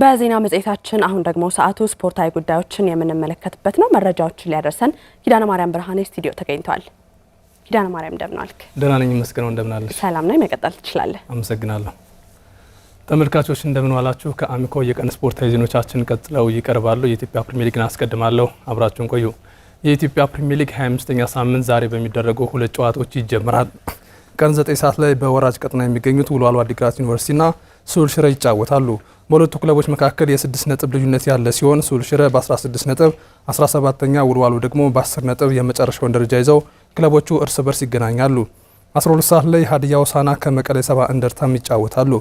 በዜና መጽሔታችን አሁን ደግሞ ሰዓቱ ስፖርታዊ ጉዳዮችን የምንመለከትበት ነው። መረጃዎችን ሊያደርሰን ኪዳነ ማርያም ብርሃኔ ስቱዲዮ ተገኝተዋል። ኪዳነ ማርያም እንደምን ዋልክ? ደህና ነኝ መስገነው። እንደምን አለሽ? ሰላም ነኝ። መቀጠል ትችላለህ። አመሰግናለሁ። ተመልካቾች እንደምን ዋላችሁ። ከአሚኮ የቀን ስፖርታዊ ዜናዎቻችን ቀጥለው ይቀርባሉ። የኢትዮጵያ ፕሪሚየር ሊግን አስቀድማለሁ። አብራችሁን ቆዩ። የኢትዮጵያ ፕሪሚየር ሊግ 25ኛ ሳምንት ዛሬ በሚደረጉ ሁለት ጨዋታዎች ይጀምራል። ቀን 9 ሰዓት ላይ በወራጅ ቀጠና የሚገኙት ውልዋሎ ዓዲግራት ዩኒቨርሲቲና ሱር ሽረ ይጫወታሉ። በሁለቱ ክለቦች መካከል የስድስት ነጥብ ልዩነት ያለ ሲሆን ሱል ሽረ በ16 ነጥብ 17ኛ፣ ውልዋሉ ደግሞ በ10 ነጥብ የመጨረሻውን ደረጃ ይዘው ክለቦቹ እርስ በርስ ይገናኛሉ። 12 ሰዓት ላይ ሀዲያ ሆሳዕና ከመቀለ ሰባ እንደርታም ይጫወታሉ።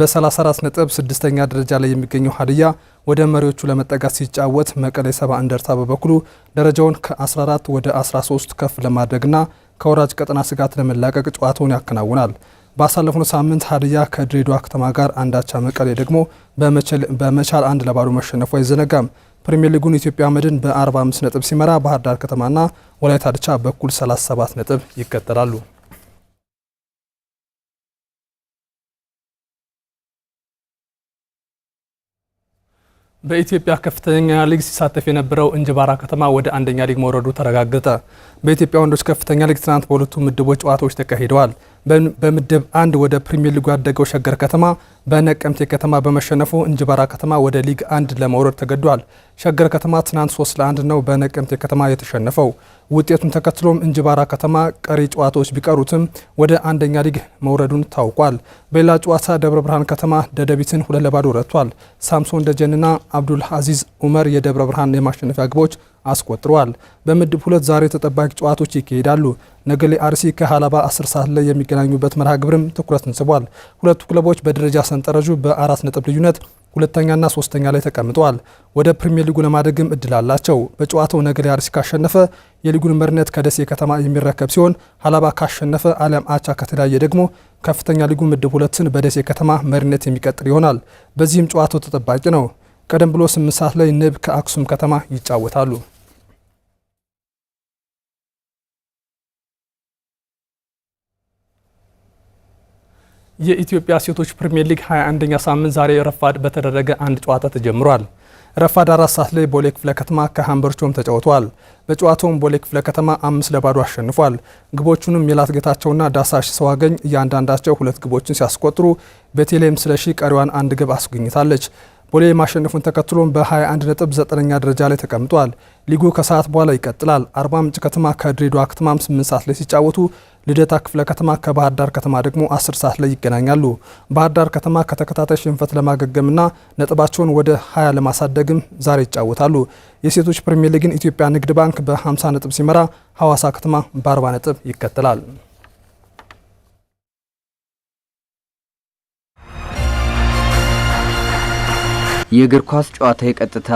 በ34 ነጥብ ስድስተኛ ደረጃ ላይ የሚገኘው ሀዲያ ወደ መሪዎቹ ለመጠጋት ሲጫወት፣ መቀለ ሰባ እንደርታ በበኩሉ ደረጃውን ከ14 ወደ 13 ከፍ ለማድረግና ከወራጅ ቀጠና ስጋት ለመላቀቅ ጨዋታውን ያከናውናል። ባሳለፍነው ሳምንት ሀዲያ ከድሬዳዋ ከተማ ጋር አንዳቻ፣ መቀሌ ደግሞ በመቻል አንድ ለባዶ መሸነፉ አይዘነጋም። ፕሪሚየር ሊጉን ኢትዮጵያ መድን በ45 ነጥብ ሲመራ ባህር ዳር ከተማና ወላይታ ድቻ በኩል 37 ነጥብ ይከተላሉ። በኢትዮጵያ ከፍተኛ ሊግ ሲሳተፍ የነበረው እንጅባራ ከተማ ወደ አንደኛ ሊግ መውረዱ ተረጋገጠ። በኢትዮጵያ ወንዶች ከፍተኛ ሊግ ትናንት በሁለቱ ምድቦች ጨዋታዎች ተካሂደዋል። በምድብ አንድ ወደ ፕሪሚየር ሊጉ ያደገው ሸገር ከተማ በነቀምቴ ከተማ በመሸነፉ እንጅባራ ከተማ ወደ ሊግ አንድ ለመውረድ ተገዷል። ሸገር ከተማ ትናንት 3 ለ1 ነው በነቀምቴ ከተማ የተሸነፈው። ውጤቱን ተከትሎም እንጅባራ ከተማ ቀሪ ጨዋታዎች ቢቀሩትም ወደ አንደኛ ሊግ መውረዱን ታውቋል። በሌላ ጨዋታ ደብረ ብርሃን ከተማ ደደቢትን ሁለት ለባዶ ረቷል። ሳምሶን ደጀንና አብዱል አዚዝ ኡመር የደብረ ብርሃን የማሸነፊያ ግቦች አስቆጥረዋል። በምድብ ሁለት ዛሬ ተጠባቂ ጨዋታዎች ይካሄዳሉ። ነገሌ አርሲ ከሀላባ 10 ሰዓት ላይ የሚገናኙበት መርሃ ግብርም ትኩረትን ስቧል። ሁለቱ ክለቦች በደረጃ ሰንጠረዡ በአራት ነጥብ ልዩነት ሁለተኛና ሶስተኛ ላይ ተቀምጠዋል። ወደ ፕሪሚየር ሊጉ ለማደግም እድል አላቸው። በጨዋታው ነገሌ አርሲ ካሸነፈ የሊጉን መሪነት ከደሴ ከተማ የሚረከብ ሲሆን ሀላባ ካሸነፈ አሊያም አቻ ከተለያየ ደግሞ ከፍተኛ ሊጉ ምድብ ሁለትን በደሴ ከተማ መሪነት የሚቀጥል ይሆናል። በዚህም ጨዋታው ተጠባቂ ነው። ቀደም ብሎ ስምንት ሰዓት ላይ ንብ ከአክሱም ከተማ ይጫወታሉ። የኢትዮጵያ ሴቶች ፕሪሚየር ሊግ 21ኛ ሳምንት ዛሬ ረፋድ በተደረገ አንድ ጨዋታ ተጀምሯል። ረፋድ አራት ሰዓት ላይ ቦሌ ክፍለ ከተማ ከሀምበርቾም ተጫውተዋል። በጨዋታውም ቦሌ ክፍለ ከተማ አምስት ለባዶ አሸንፏል። ግቦቹንም ሚላት ጌታቸውና ዳሳሽ ሰዋገኝ እያንዳንዳቸው ሁለት ግቦችን ሲያስቆጥሩ ቤቴሌም ስለሺ ቀሪዋን አንድ ግብ አስገኝታለች። ቦሌ ማሸነፉን ተከትሎም በ21 ነጥብ ዘጠነኛ ደረጃ ላይ ተቀምጧል። ሊጉ ከሰዓት በኋላ ይቀጥላል። አርባ ምንጭ ከተማ ከድሬዳዋ ከተማም 8 ሰዓት ላይ ሲጫወቱ ልደታ ክፍለ ከተማ ከባህር ዳር ከተማ ደግሞ 10 ሰዓት ላይ ይገናኛሉ። ባህር ዳር ከተማ ከተከታታይ ሽንፈት ለማገገምና ነጥባቸውን ወደ 20 ለማሳደግም ዛሬ ይጫወታሉ። የሴቶች ፕሪሚየር ሊግን ኢትዮጵያ ንግድ ባንክ በ50 ነጥብ ሲመራ፣ ሐዋሳ ከተማ በ40 ነጥብ ይከተላል። የእግር ኳስ ጨዋታ የቀጥታ